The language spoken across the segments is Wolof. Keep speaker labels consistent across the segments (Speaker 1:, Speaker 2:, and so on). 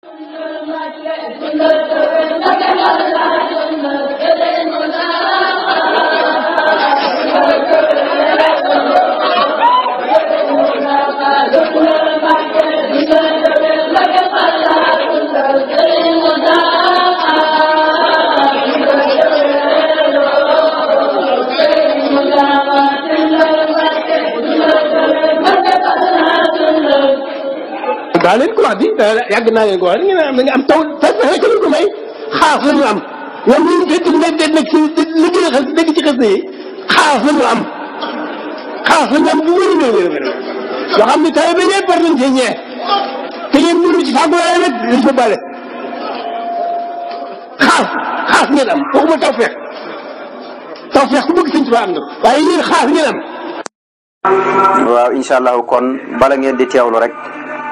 Speaker 1: Thank you. naa leen naa leen ko wax ngeen am na nga am taw rek lañ ko may xaas am ñoom ñu ngi fekk nekk nekk si li gën a ci xas yi am xaas la ñu xam ne taw ci tàggooraay rek ko bale ngeen am waxuma taw feex taw feex ku am waaw incha allahu kon bala ngeen di teewlu rek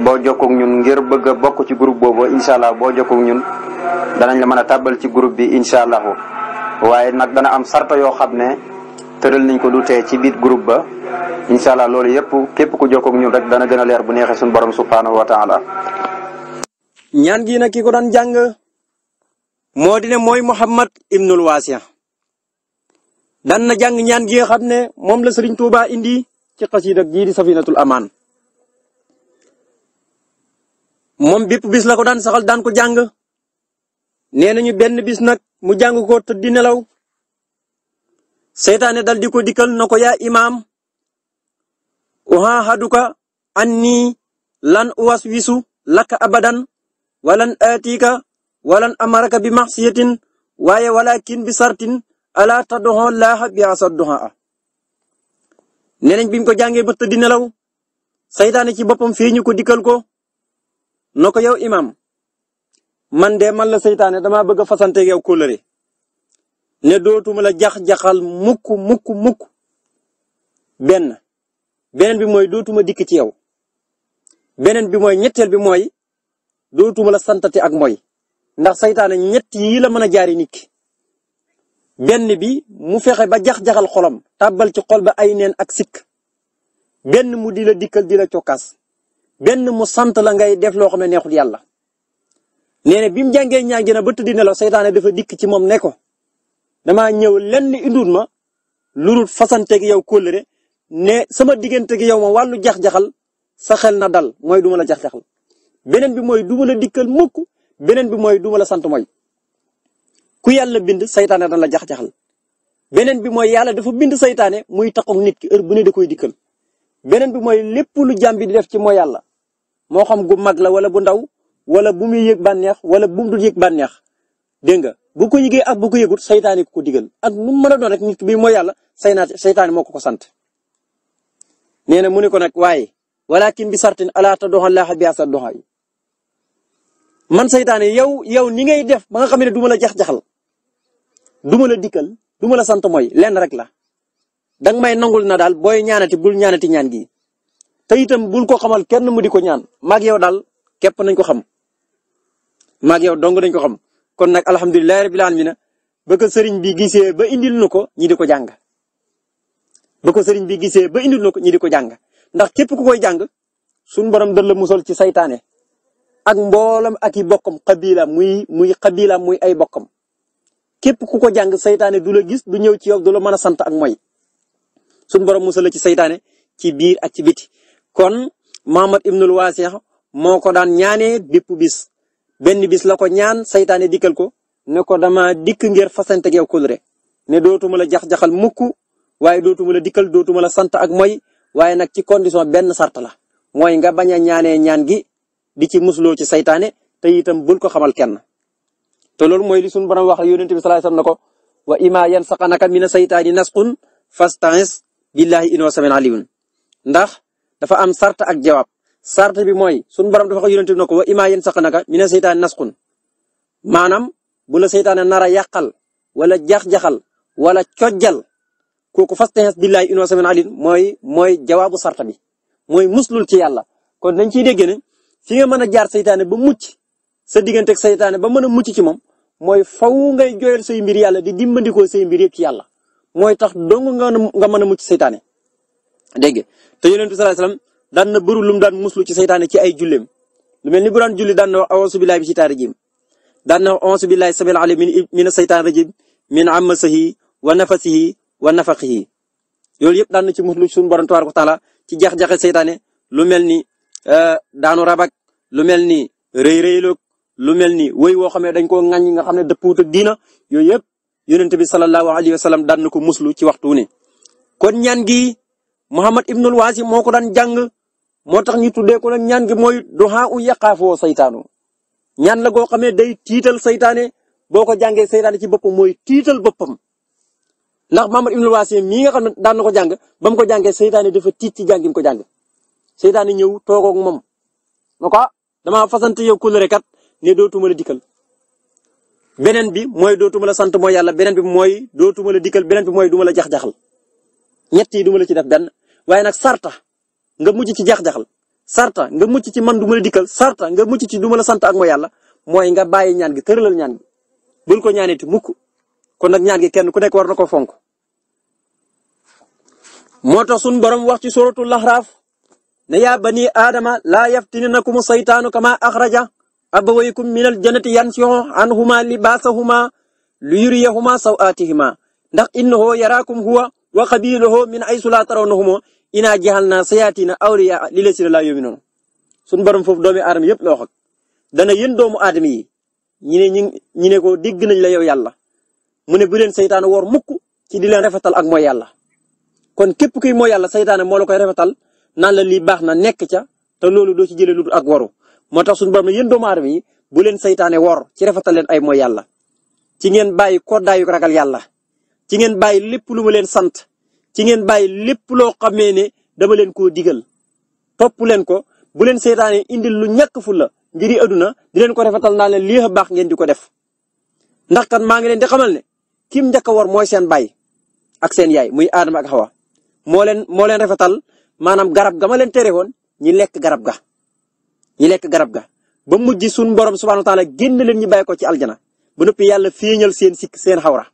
Speaker 1: boo jokkook ñun ngir bëgg a bokk ci groupe boobu incha allah boo jokkook ñun danañ la mën a tàbbal ci groupe bi incha allahu waaye nag dana am sarta yoo xam ne tëral nañ ko du tee ci biir groupe ba incha allah loolu yëpp képp ku jokkook ñun rek dana gën a leer bu neexee suñu borom subhanahu wa taala ñaan gi nag ki ko doon jàng moo di ne mooy Muhammad Ibnul Waasiya dan na jàng ñaan gi nga ne moom la Serigne Touba indi ci xasiida gii di Safinatul Amaan moom bépp bis la ko daan saxal daan ko jàng nee nañu benn bis nag mu jàng ko te di nelaw seytaane dal di ko dikkal na ko yaa imaam uhahaduka anni lan uwaswisu laka abadan walan atika walan amaraka bi maxsiyatin waaye walakin bi sartin ala tad'u laaha bi asadduha nee nañ bi mu ko jàngee ba tëdd nelaw seytaane ci boppam feeñu ko dikkal ko na ko yow imaam man de man la seytaane damaa bëgg a fasante yow kóllëre ne dootuma la jax-jaxal mukk mukk mukk benn beneen bi mooy dootuma dikk ci yow beneen bi mooy ñetteel bi mooy dootuma la santate ak mooy ndax seytaane ñett yii la mën a jaari nit benn bi mu fexe ba jax-jaxal xolam tàbbal ci xol ba ay neen ak sikk benn mu di la dikkal di la cokkaas benn mu sant la ngay def loo xam ne neexul yàlla nee bi mu jàngee ñaa gën ba tëddi nelaw seytaane dafa dikk ci moom ne ko damaa ñëw lenn indul ma lurut fasanteeg yow kóllëre ne sama diggante gi yow ma wàllu jax-jaxal sa xel na dal mooy duma la jax-jaxal beneen bi mooy du ma la beneen bi mooy du sant mooy ku yàlla bind saytaane dana la jax-jaxal beneen bi mooy yàlla dafa bind seytaane muy taxaw nit ki heure bu ne da koy dikkal beneen bi mooy lépp lu jàmbi di def ci mooy yàlla moo xam gu mag la wala bu ndaw wala bu muy yëg bànneex wala bu mu dul yëg bànneex dégg nga bu ko yëgee ak bu ko yëgut saytaani ko digal a nu mu mën a doon rek nit bi mooy yàlla saynaat saytaani moo ko ko sant. nee na mu ne ko nag waaye walakin bi sartin ala tad'ullaha bi asad duha man saytaane yow yow ni ngay def ba nga xam ne du ma a jax jaxal du ma la dikkal du ma la sant mooy lenn rek la danga may nangul na daal booy ñaanati bul ñaanati ñaan gi te itam bul ko xamal kenn mu di ko ñaan maag yow daal képp nañ ko xam maag yow dong nañ ko xam kon nag alhamdulilah rabbil alamin ba ko sëriñ bi gisee ba indil na ko ñi di ko jàng ba ko sëriñ bi gisee ba indil na ko di ko jàng ndax képp ku koy jàng suñ borom dal la musal ci seytaane ak mboolam ak i bokkam xabilaam muy muy xabilaam muy ay bokkam képp ku ko jàng seytaane du la gis du ñëw ci yow du la mën a sant ak mooy suñ borom musal la ci seytaane ci biir ak ci biti kon Muhammad ibnul Waasix moo ko daan ñaanee bépp bis benn bis la ko ñaan seytaane dikkal ko ne ko dama dikk ngir fasante ge yow kulre ne dootuma la jax-jaxal mukk waaye dootumal la dikkal dootuma la sant ak mooy waaye nag ci condition benn sart la mooy nga bañ a ñaanee ñaan gi di ci musloo ci saytaane te itam bul ko xamal kenn te loolu mooy li suñu borom wax yonent bi sallallahu alayhi na ko wa ima yansaqanaka mina saytaani nasqun fasta'is billahi innahu samiun aliim ndax dafa am sart ak jawaab sart bi mooy sunu borom dafa ko yonente na ko wa imaa yen saq naka mina seytaane nasqun maanaam bu la seytaane nar a yàqal wala jax-jaxal wala cojjal kooku fastaxees billahi in wasamin alin mooy mooy jawaabu sart bi mooy muslul ci yàlla kon dañ ciy dégg ne fi nga mën a jaar seytaane ba mucc sa digganteeg seytaane ba mën a mucc ci moom mooy faw ngay jooyal say mbir yàlla di dimbandikoo say mbir yëpp ci yàlla mooy tax dong nga nga mën a mucc seytaane dégg nga te yonent bi sallallahu alayhi wasallam daan na bëru lu mu daan muslu ci seytaane ci ay julleem lu mel ni bu daan julli daan na wax awusu billaahi bi shaytaani rajim daan na wax awusu billaahi sabil alim min seytaani rajim min amasihi wa nafasihi wa nafaqihi loolu yëpp daan na ci muslu suñu borom tabaaraka taala ci jax-jaxe seytaane lu mel ni euh, daanu rabak lu mel ni rëy rëyloog mel ni wëy woo xam ne dañ koo ŋaññi nga xam ne dëppuwut ak diina yooyu yëpp yonent bi sallallahu alayhi wa sallam daan na ko muslu ci waxtu kon ñaan gi Muhammad ibnul Waasim moo ko daan jàng moo tax ñu tuddee ko nag ñaan gi mooy duhaa u yaqaafoo saytaanu ñaan la goo xamee day tiital seytaane boo ko jàngee saytaane ci boppam mooy tiital boppam. ndax Muhammad ibnul Waasim mii nga xam ne daan na ko jàng ba ko jàngee seytaane dafa tiit ci jàngim ko jàng saytaane ñëw toog ak moom ne ko ah, damaa fasante yow kóllëre kat ne dootuma la dikkal. beneen bi mooy dootuma la sant mooy yàlla beneen bi mooy dootuma la dikkal beneen bi mooy duma la jax-jaxal ñett yi duma la ci def benn waaye nag sarta nga mucc ci jax sarta nga mucc ci man du ma la sarta nga mucc ci du ma la sant ak mooy yàlla mooy nga bàyyi ñaan gi tëralal ñaan gi bul ko ñaaniti mukk kon nag ñaan gi kenn ku nekk war na ko fonk moo tax sunu borom wax ci suratul laxraaf ne yaa bani aadama laa yaftininakum saytaanu kama axraja abawaykum minal jannati yansihu anhuma libaasahuma liyuriyahuma sawaatihima ndax innahu yaraakum huwa wa qabiluhu min haythu la tarawnahum inna ja'alna sayatina awliya lillazina la yu'minun suñu borom foofu doomi aadama yëpp la wax ak dana yéen doomu aadama yi ñu ne ñu ne ko digg nañ la yow yàlla mu ne bu leen saytaan wor mukk ci di leen rafetal ak mooy yàlla. kon képp kuy mooy yàlla saytaan moo la koy rafetal naan la lii baax na nekk ca te loolu doo ci jëlee lu ak waru moo tax suñu borom ne yéen doomu aadama yi bu leen saytaane wor ci rafetal leen ay mooy yàlla ci ngeen bàyyi koddaayu ragal yàlla ci ngeen bàyyi lépp lu ma leen sant ci ngeen bàyyi lépp loo xamee ne dama leen ko digal topp leen ko bu leen seytaane indil lu ñàkk fu la ngiri aduna di leen ko rafetal naa leen lii a baax ngeen di ko def ndax kat maa ngi leen di xamal ne kim njëkk a war mooy seen baay ak seen yaay muy Adama ak xawa moo leen moo leen rafetal maanaam garab ga ma leen tere woon ñi lekk garab ga ñi lekk garab ga ba mujj suñu borom subhaanahu wa taala génn leen ñu bàyyi ko ci aljana ba noppi yàlla feeñal seen sikk seen xawra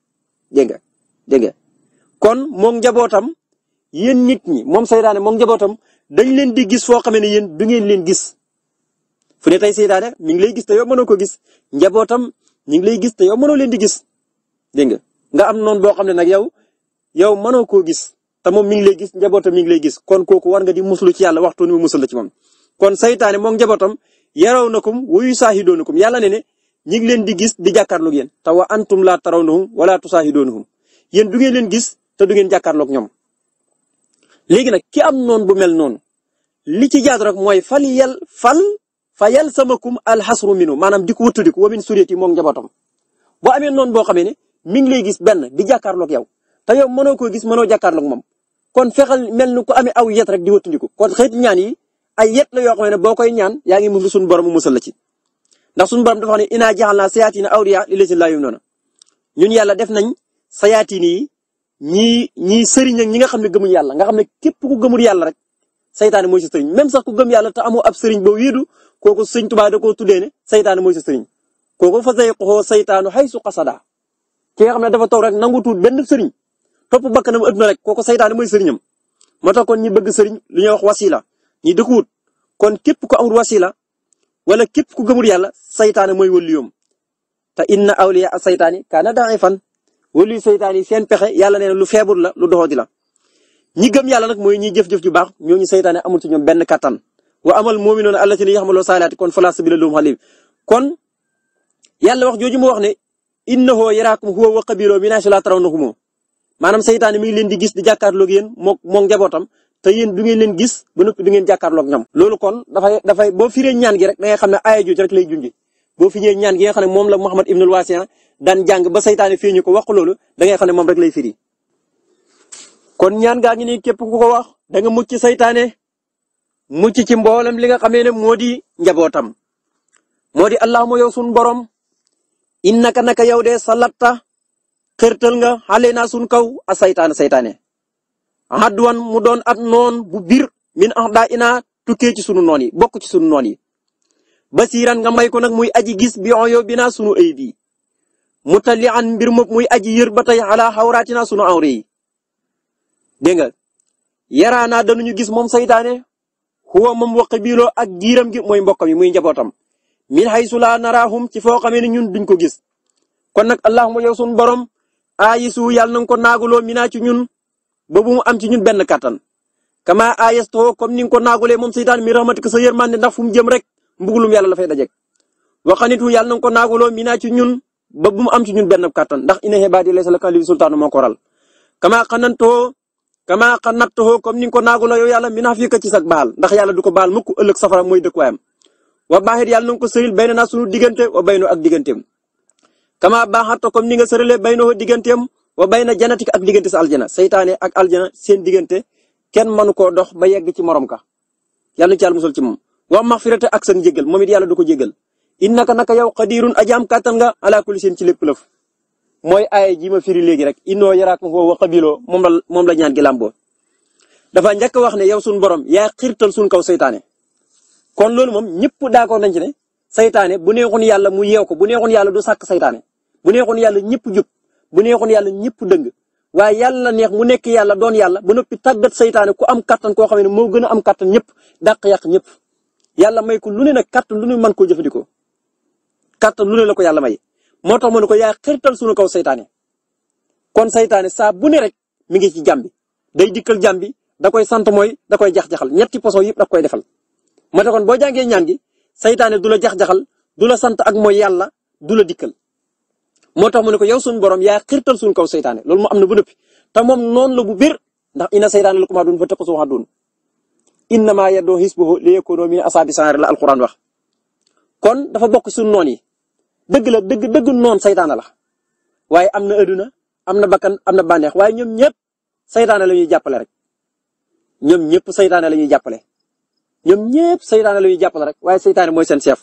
Speaker 1: dégg nga dégg kon moom njabootam yéen nit ñi moom seytaane moom njabootam dañ leen di gis foo xamee ne yéen du ngeen leen gis fu ne tey seytaane mi ngi lay gis te yow mënoo ko gis njabootam ñu ngi lay gis te yow mënoo leen di gis dégg nga nga am noonu boo xam ne nag yow yow mënoo koo gis te moom mi ngi lay gis njabootam mi ngi lay gis kon kooku war nga di muslu ci yàlla waxtu mu musul la ci moom. kon saytaane moom njabootam yaraw na kum wuyu saaxidoonukum yàlla ne ne ñu ngi leen di gis di jàkkaarloog yéen te wa antum laa tarawnahum wala tusaaxidoonuhum yéen du ngeen leen gis te du ngeen jàkkaarloog ñoom. léegi nag ki am noon bu mel noon li ci jaadu rek mooy fal yal fal fa sama yal samakum alxasru minu maanaam di ko wëttandiku wa min suriyati moom njabootam boo amee noon boo xamee ne mi ngi lay gis benn di jàkkaarloog yow te yow mënoo koo gis mënoo jàkkaarloog moom. kon fexel mel ni ko amee aw yet rek di wëttandiku kon xeeti ñaan yi ay yet la yoo xam ne boo koy ñaan yaa ngi mën suñu borom mu musal la ci. ndax suñu borom dafa xam ne inaa jaxal naa sayaatina awliya li la si laa yum noona yàlla def nañ sayaatiin yi ñii ñii sëriñ ak ñi nga xam ne gëmuñ yàlla nga xam ne képp ku gëmul yàlla rek saytaane mooy sa sëriñ même sax ku gëm yàlla ta amoo ab sëriñ boo wéedu kooku sëriñ Tuubaa da koo tuddee ne saytaane mooy sa sëriñ kooku fa say xoxoo saytaanu xay su ki nga xam ne dafa rek nangu benn sëriñ topp bakkanam adduna rek kooku saytaane mooy sëriñam moo tax kon ñi bëgg sëriñ lu ñuy wax wasila ñi dëkkuwut kon képp ku amul wasila wala képp ku gëmul yàlla saytaane mooy wëlliyoom te inna awliya saytaani kaana fan wali seytaan yi seen pexe yàlla nee na lu feebur la lu doxoodi la ñi gëm yàlla nag mooy ñiy jëf-jëf ju baax ñooñu seytaane amul ci ñoom benn kattan wa amal mu'minuuna allaziina ya'maluuna saalihaati kon falaa sabiila lahum alayhim kon yàlla wax jooju mu wax ne innahu yaraakum huwa wa qabiiluhu min haysu laa tarawnahum maanaam seytaane mi ngi leen di gis di jàkkaarloog yéen moo moo njabootam te yéen du ngeen gis ba noppi du ngeen jàkkaarloog ñoom loolu kon dafay dafay boo firee ñaan gi rek da ngay xam ne rek lay junj boo firee ñaan gi nga xam ne moom la Muhammad ibnul Waasiya daan jàng ba saytaane fi ñu ko wax loolu da ngay xam ne moom rek lay firi. kon ñaan gaa ngi nii képp ku ko wax da nga mucc saytaane mucc ci mboolem li nga xamee ne moo di njabootam. moo di allahuma yow sunu borom innaka naka yow de salatta xërtal nga xale naa sunu kaw a saytaane saytaane. adwan mu doon at noon bu biir min ah daa inaa tukkee ci sunu noon yi bokk ci sunu noon yi. basiran nga may ko nag muy aji gis bi on yow bi naa mutali an mbir moom muy aji yër ba tey ala xawraatina sunu awre yi dégg nga yaraanaa danuñu gis moom saytaane huwa moom wa qabiiloo ak giiram gi mooy mbokkam yi muy njabootam min haysu laa naraahum ci foo xamee ni ñun duñ ko gis kon nag allahuma yow sunu borom aayisu yàlla na nga ko naaguloo minaa ci ñun ba bu mu am ci ñun benn kàttan kama aayastoo comme ni nga ko naagulee moom saytaan mi rahmatika sa yërmande ndax fu mu jëm rek mbugulum yàlla la fay dajeeg waxanitu yàlla na nga ba bu am ci ñun benn kàttan ndax inna ibaadi laysa laka alayhim sultaanu moo ko waral. kamaa xanantoo kamaa xanattoo comme ni nga ko naaguloo yow yàlla mi naa fi ci sag baal ndax yàlla du ko baal mukk ëllëg safara mooy dëkkuwaayam. wa baaxit yàlla na nga ko sëril na naa sunu diggante wa bay noo ak digganteem. kamaa baaxattoo comme ni nga sëralee bay noo digganteem wa bay na janatik ak diggante sa aljana seytaane ak aljana seen diggante kenn mënu koo dox ba yegg ci morom ka yàlla na ci yàlla musal ci moom wa maxfirata ak sa njëgal moom it yàlla du ko jégal innaka naka yow qadirun aji am kàttan nga ala kulli seen ci lépp lëf mooy ay jima ma firi léegi rek innoo yaraakum huwa wa qabiloo moom la moom la ñaan gi làmboo dafa njëkk wax ne yow suñu borom ya xiirtal suñ kaw saytaane kon loolu moom ñëpp d'accord nañ ci ne saytaane bu neexoon yàlla mu yeew ko bu neexoon yàlla du sàkk saytaane bu neexoon yàlla ñëpp jub bu neexoon yàlla ñëpp dëng waaye yàlla neex mu nekk yàlla doon yàlla ba noppi tàggat saytaane ku am kattan koo xam ne moo gën a am kattan ñëpp dàq yàq ñëpp yàlla may ko lu ne nag kattan lu ne mën koo jëfandikoo kattan lu ne la ko yàlla may moo tax mu ne ko yaa xirtal suñu kaw saytaane kon seytaane saa bu ne rek mi ngi ci jàmm bi day dikkal jàmm bi da koy sant mooy da koy jax-jaxal ñetti poson yëpp da koy defal. moo tax boo jàngee ñaan gi du la jax-jaxal du la sant ak mooy yàlla du la dikkal moo tax mu ne ko yow suñu borom yaa xirtal suñu kaw seytaane loolu moo am na bu nëpp te moom noon la bu bir ndax inna saytaane lakum aduwwun fattaquuhu waxaduun innamaa yad'uu hizbahu liyakuunuu min ashaabi sa'iir la alquran wax kon dafa bokk suñu noon yi dëgg la dëgg dëgg noon saytaane la waaye am na adduna am na bakkan am na bànneex waaye ñoom ñëpp saytaane la ñuy jàppale rek ñoom ñëpp saytaane la ñuy jàppale ñoom ñëpp saytaane la jàppale rek waaye saytaane mooy seen seef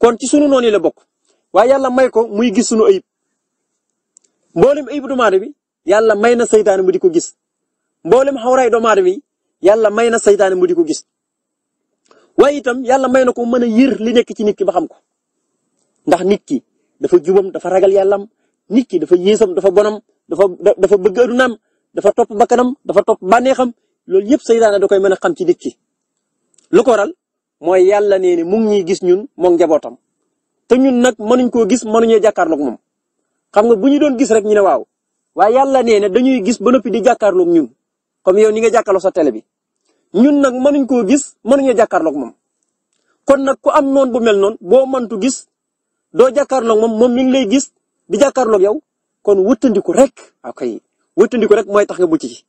Speaker 1: kon ci sunu noon yi la bokk waaye yàlla may ko muy gis sunu ayib mboolem ayibu doomu bi yàlla may na saytaane mu di ko gis mboolem xawraay doomu aadama bi yàlla may na saytaane mu di ko gis waaye itam yàlla may na ko mën a yër li nekk ci nikki ba xam ko. ndax nit ki dafa jubam dafa ragal yàllam nit ki dafa yéesam dafa bonam dafa dafa bëgg adunaam dafa topp bakkanam dafa topp bànneexam loolu yëpp seytaane da koy mën a xam ci nit ki. lu mooy yàlla nee ni mu ñuy gis ñun moom njabootam te ñun nag mënuñ koo gis mënuñoo jàkkaarloog moom xam nga bu ñu doon gis rek ñu ne waaw waaye yàlla nee na dañuy gis ba noppi di jàkkaarloog ñun comme yow ni nga jàkkaarloog sa télé bi ñun nag mënuñ koo gis mënuñoo jàkkaarloog moom kon nag ku am noonu bu mel noonu boo mëntu gis doo jàkkaarloog moom moom mi ngi lay gis di jàkkaarloog yow kon wëttandiku rek akay wëttandiku rek mooy tax nga mucc ci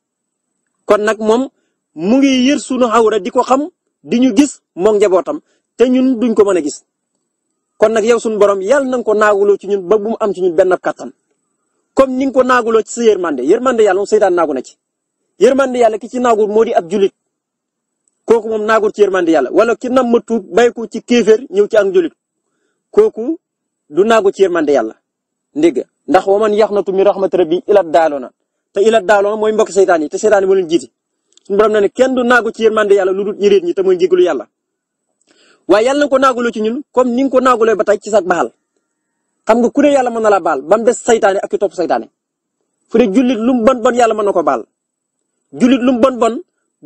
Speaker 1: kon nag moom mu ngi yër sunu awra di ko xam di ñu gis moom njabootam te ñun duñ ko mën a gis kon nag yow sunu borom yàlla na nga ko naaguloo ci ñun ba bu mu am ci ñun benn kattan comme ni nga ko naaguloo ci sa yërmande yërmande yàlla moom seytaan naagu na ci yërmande yàlla ki ci naagul moo di ab julit kooku moom naagul ci yër yërmande yàlla wala ki nam ma tuub bàyyi ko ci kéeféer ñëw ci ak julit kooku du naagu ci yërmande yàlla ndégg ndax waman yaxnatu min rahmati rabbi ila daaloona te ila daaloona mooy mbokk seytaan yi te seytaan yi moo leen jiiti suñu borom na ne kenn du naagu ci yërmande yàlla lu dul yëreet ñi te mooy njéggalu yàlla waaye yàlla na ko naaguloo ci ñun comme ni nga ko naaguloo ba tey ci sa baal xam nga ku ne yàlla mën na la baal ba mu des saytaane ak ki topp saytaane fu ne jullit lu mu bon bon yàlla mën na ko baal jullit lu mu bon bon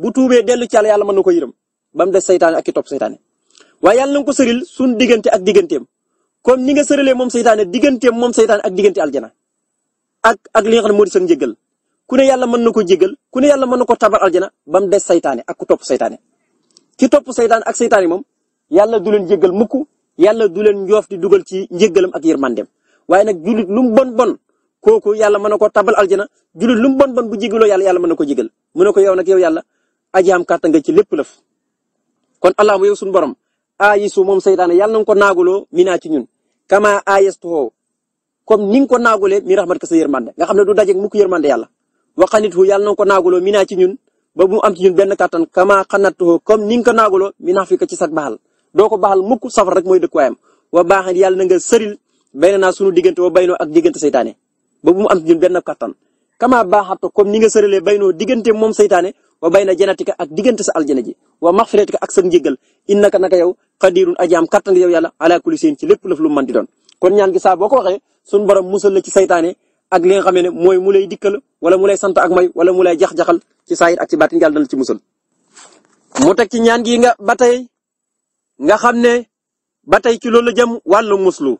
Speaker 1: bu tuubee dellu ci yàlla yàlla mën na ko yërëm ba mu des saytaane ak ki topp waaye yàlla na ko sëril suñu diggante ak digganteem comme ni nga sëralee moom seytaane digganteem mom seytaane ak diggante aljana ak ak li nga xam ne moo di sa njëgal ku ne yàlla mën na ko jégal ku ne yàlla mën na ko tabar aljana ba mu des seytaane ak ku topp seytaane ki topp seytaane ak seytaane moom yàlla du leen jégal mukk yàlla du leen njoof di dugal ci njégalam ak yërmandeem waaye nag jullit lu mu bon bon kooku yàlla mën na ko tabal aljana julit lu mu bon bon bu jégaloo yàlla yàlla mën na ko jégal mu na ko yow nag yow yàlla aji am kàttan nga ci lépp lëf kon allah borom aayisu moom saytaane yàlla na nga ko naaguloo minaa ci ñun kama aayastuhu comme ni nga ko naagulee mi rahmat ka sa yërmande nga xam ne du dajeeg mukk yërmande yàlla waxanithu yàlla na nga ko naaguloo minaa ci ñun ba bu mu am ci ñun benn kattan kama xanattuhu comme ni nga ko naaguloo minaa fi ko ci sag baaxal doo ko baaxal mukk safar rek mooy dëkkuwaayam wa baaxal yàlla na nga sëril bay naa sunu diggante wa baynoo ak diggante saytaane ba am ci ñun benn kattan kama baaxatoo comme ni nga sërilee baynoo diggante moom saytaane bay na jannatika ak diggante sa aljana ji wa maxfiratika ak sa njëggal innaka naka yow qadirun ajaam kattan yow yàlla ala kulli seen ci lépp lëf lu mën di doon. kon ñaan gi saa boo ko waxee suñu borom musal la ci saytaane ak li nga xamee ne mooy mu lay dikkal wala mu lay sant ak may wala mu lay jax-jaxal ci saayir ak ci baatin yàlla dana ci musal. mu teg ci ñaan gi nga ba tey nga xam ne ba tey ci loolu la jëm wàllu muslu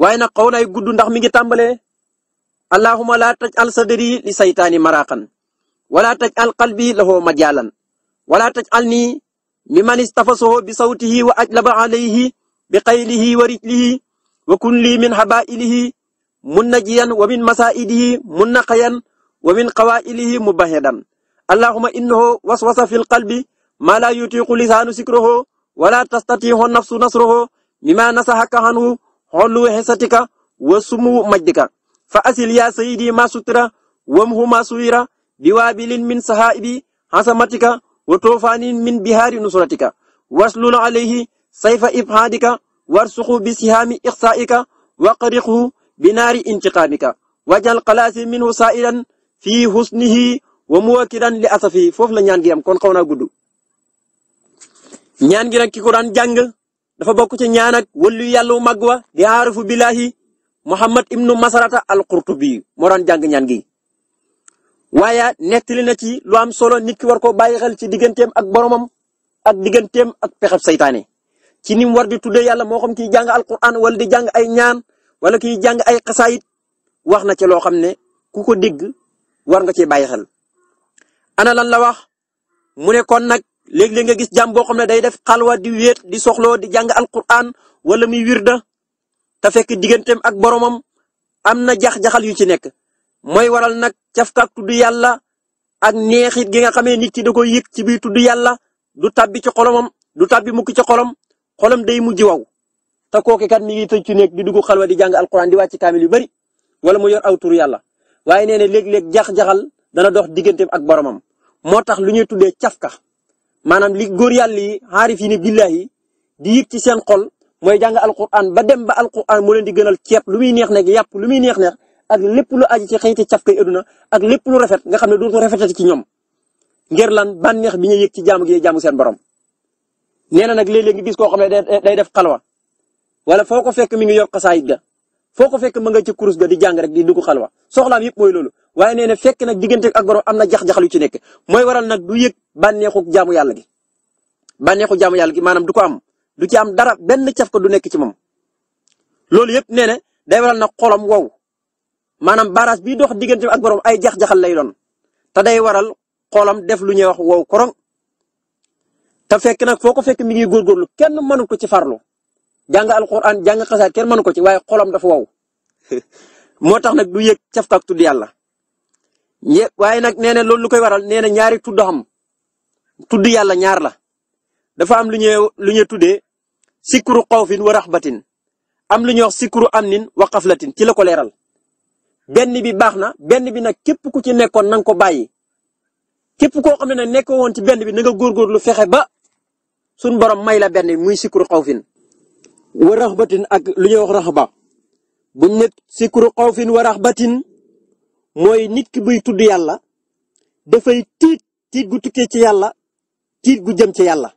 Speaker 1: waaye nag xaw nay gudd ndax mi ngi tàmbalee allahumma laa taj al sadri li saytaani maraqan wala taj al qalbi lahu majaalan wala taj al nii mi man istafasahu bi sawtihi wa ajlaba alayhi bi qaylihi wa rijlihi wa kun lii min habaa'ilihi munnajiyan wa min masaa'idihi munnaqayan wa min qawaa'ilihi mubahidan allahumma innahu waswasa fil qalbi ma la yutiqu lisaanu sikrahu wala tastatiihu nafsu nasrahu mimma nasahaka anhu xollu hisatika wa sumu majdika fa asil ya sayyidi ma sutra wamhu ma suwira biwaabilin min sahaibi hasamatika wa toofaaniin min bihaari nusratika waslul alayhi sayfa ibhaadika warsuqu bi sihaami ixsaaika waqriqhu binaari intiqaamika wajal xalaasi minhu saailan fii husnihi wa muwakiran li asafi foofu la ñaan gi am kon xaw naa gudd ñaan gi nag ki ko daan jàng dafa bokk ci ñaan wa di aarifu billaahi muhammad ibnu masarata al qurtubi moo daan jàng ñaan gi waaye nettali na ci lu am solo nit ki war ko bàyyi ci digganteem ak boromam ak digganteem ak pexeb seytaane ci ni mu war di tuddee yàlla moo xam kiy jàng alquran wala di jàng ay ñaan wala ki jàng ay xasaayit wax na ci loo xam ne ku ko digg war nga cee bàyyi xel. ana lan la wax mu ne kon nag léeg-léeg nga gis jàmm boo xam ne day def xalwa di wéet di soxloo di jàng alquran wala muy da te fekk digganteem ak boromam am na jax-jaxal yu ci nekk. mooy waral nag cafkaak tudd yàlla ak neexit gi nga xamee nit ki da koy yëg ci biir tudd yàlla du tabbi ci xolomam du tabbi mukk ci xolom xolam day mujj waw te kooki kat mi ngi tëj ci nekk di dugg xalwa di jàng alquran di wàcc kaamil yu bari wala mu yor aw tur yàlla waaye nee léeg-léeg jax-jaxal dana dox digganteem ak boromam moo tax lu ñuy tuddee cafka maanaam li góor yàlla yi xaarif yi ne billahi di yëg ci seen xol mooy jàng alquran ba dem ba alquran moo leen di gënal ceeb lu muy neex neeg yàpp lu muy neex neex ak lépp lu aju ci xëyti cafkay aduna ak lépp lu rafet nga xam ne dootu rafetati ci ñoom ngir lan bànneex bi ñuy yëg ci jaamu gi jaamu seen borom. nee na nag léeg-léeg nga gis koo xam ne day def xalwa wala foo ko fekk mi ngi yor xasaayit ga foo ko fekk ma nga ci kurus ga di jàng rek di dugg xalwa soxlaam yëpp mooy loolu way nee na fekk nag diggante ak borom am na jax-jax lu ci nekk mooy waral nag du yëg bànneexu jaamu yàlla gi bànneexu jaamu yàlla gi maanaam du ko am du ci am dara benn caf ko du nekk ci moom loolu yëpp nee na day nag xolam wow maanaam barrage bi dox diggante ak borom ay jax-jaxal lay doon te day waral xoolam def lu ñuy wax wow korom te fekk nag foo ko fekk mi ngi lu kenn mënu ko ci farlu jàng alquran jàng xasaat kenn mënu ko ci waaye xolam dafa wow moo tax nag du yëg cafkaak tudd yàlla ñe waaye nag nee na loolu lu koy waral nee na ñaari tudd xam tudd yàlla ñaar la dafa am lu ñuy lu ñuy tuddee sikru xawfin wa raxbatin am lu ñuy wax sikru amnin wa xaflatin ci la ko leeral benn bi baax na benn bi nag képp ku ci nekkoon na ko bàyyi képp koo xam ne nag nekk woon ci benn bi na nga góorgóorlu fexe ba suñ borom may la benn bi muy sikru xawfin wa raxbatin ñuy wax raxba buñ ne sikru xawfin wa raxbatin mooy nit ki buy tudd yàlla dafay tiit tiit gu tukkee ci yàlla tiit gu jëm ci yàlla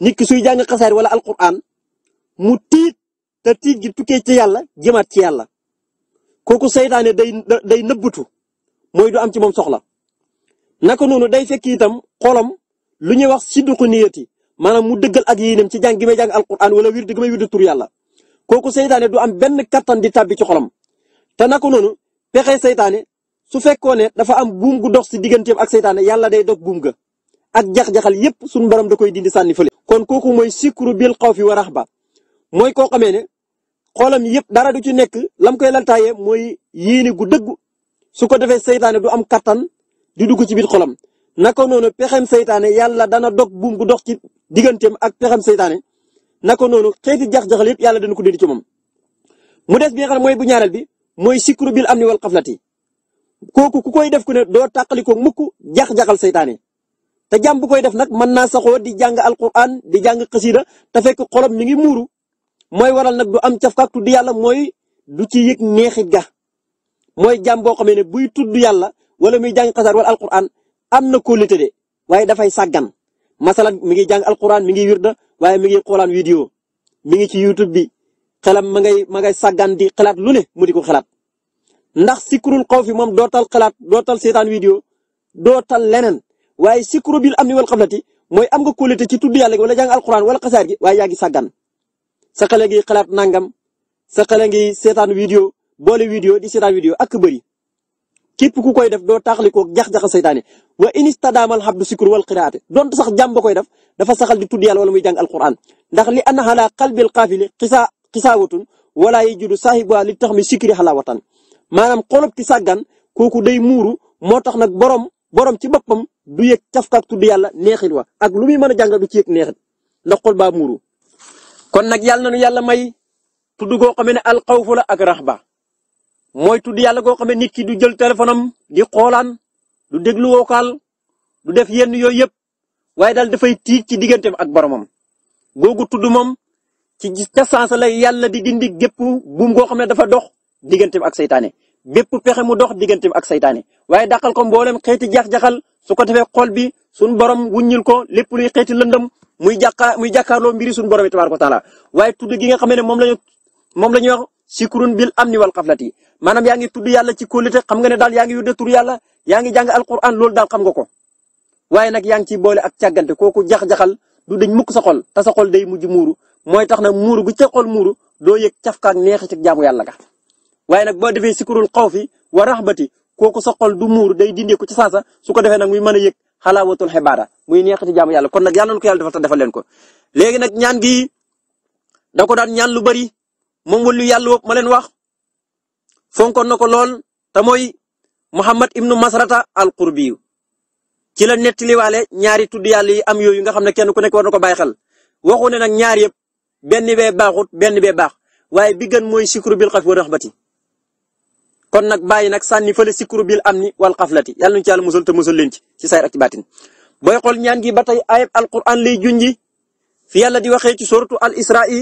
Speaker 1: nit ki suy jàng xasaar wala alquran mu tiit te tiit gi tukkee ci yàlla jëmaat ci yàlla kooku seytaane day day nëbbutu mooy du am ci moom soxla naka noonu day fekk itam xolam lu ñuy wax sidduqu niyati maanaam mu dëggal ak yéenam ci jàng gi may jàng alquran wala wirdi gi may wirdi tur yàlla kooku seytaane du am benn kattan di tàbbi ci xolam te naka noonu pexe seytaane su fekkoo ne dafa am guum gu dox si digganteem ak seytaane yàlla day dog buum ga ak jax-jaxal yépp suñu borom da koy dindi sànni fële kon kooku mooy sikru bil xawfi wa raxba mooy koo xamee ne xoolam yëpp dara du ci nekk lam koy laltaayee mooy yéene gu dëggu su ko defee seytaane du am kattan di dugg ci biir xolam naka noonu pexem seytaane yàlla dana dog buum bu dox ci digganteem ak pexem seytaane naka noonu xeeti jax-jaxal yëpp yàlla dana ko dindi ci moom. mu des bi nga xam mooy bu ñaareel bi mooy sikru bil am ni wal xaflati kooku ku koy def ku ne doo tàqali ko mukk jax-jaxal seytaane te jàmm bu koy def nag mën naa saxoo di jàng alquran di jàng xasida te fekk xolam mi ngi muuru. mooy waral nag du am cafkaak tudd yàlla mooy du ci yëg neexit ga mooy jàmm boo xamee ne buy tudd yàlla wala muy jàng xasaar wala alquran am na koo lite de waaye dafay sàggan masalan mi ngi jàng al alquran mi ngi wirda waaye mi ngi xoolaan vidéo mi ngi ci youtube bi xelam ma ngay ma ngay di xalaat lu ne mu di ko xalaat ndax sikurul xaw fi moom dootal xalaat dootal seetaan vidéo dootal leneen waaye sikuru bil am ni wal xaflati mooy am nga kóolute ci tudd yàlla gi wala jàng alquran wala xasaar waaye yaa ngi sa xale ngi xalaat nangam sa xale ngi seetaan vidéo boole vidéo di seetaan vidéo ak bëri képp ku koy def doo taaxalikoo jax-jaxa saytaane wa inistadaamal xabdu sikur wal qiraate donte sax jàmm koy def dafa saxal di tudd yàlla wala muy jàng alquran ndax li anna ala qalbil qaafili xisaa xisaawatun wala yajudu saahibuha li tax mi sikri xalaawatan maanaam xolob ki saggan kooku day muuru moo tax nag borom borom ci boppam du yëg cafkaak tudd yàlla neexil wa ak lu muy mën a jàng du ci yëg neexil baa muuru kon nag yàlla na nu yàlla may tudd goo xam ne alxawfu la ak raxba mooy tudd yàlla goo xam ne nit ki du jël téléphone di xoolaan du déglu vocal du def yenn yooyu yëpp waaye daal dafay tiit ci digganteem ak boromam googu tudd moom ci ca sens la yàlla di dindi gépp buum goo xam ne dafa dox digganteem ak saytaane gépp pexe mu dox digganteem ak seytaane waaye daxal ko mboolem xeeti jax-jaxal su ko defee xool bi suñ borom wuññil ko lépp luy xeeti lëndëm muy jàkka muy jàkkaarloo mbiri suñu borom tabaaraka wa taala waaye tudd gi nga xam ne moom la ñu moom la ñuy wax sikurun bil amni wal xaflati maanaam yaa ngi tudd yàlla ci kóolite xam nga ne daal yaa ngi yudde tur yàlla yaa ngi jàng alquran loolu daal xam nga ko waaye nag yaa ngi ciy boole ak càggante kooku jax-jaxal du dañ mukk sa xol te day mujj muuru mooy tax na muuru gu ca xol muuru doo yëg cafkaak neexi ci jaamu yàlla ga waaye nag boo defee sikurul xawfi wa raxbati kooku sa xol du muuru day dindee ko ci saasa su ko defee nag mën a yëg xalaawatul xibaada muy neexati jaamu yàlla kon nag yàlla na ko yàlla defal te defal leen ko. léegi nag ñaan gi da ko daan ñaan lu bari moom wëllu yàlla wëpp ma leen wax fonkoon na ko lool te mooy Muhammad ibnu Masrata al Qurbi ci la nettaliwaale ñaari tudd yàlla yi am yooyu nga xam ne kenn ku nekk war na ko bàyyi xel waxu ne nag ñaar yëpp benn bee baaxut benn bee baax waaye bi gën mooy sikru bil xaf wa raxbati kon nag bàyyi nag sànni fële sikru bil am ni wal xaflati yàlla nañu ci yàlla musal te musal leen ci ci sayr ak ci booy xool ñaan gi ba tey ayab alquran lay junji fi yàlla di waxee ci suratu al isra'i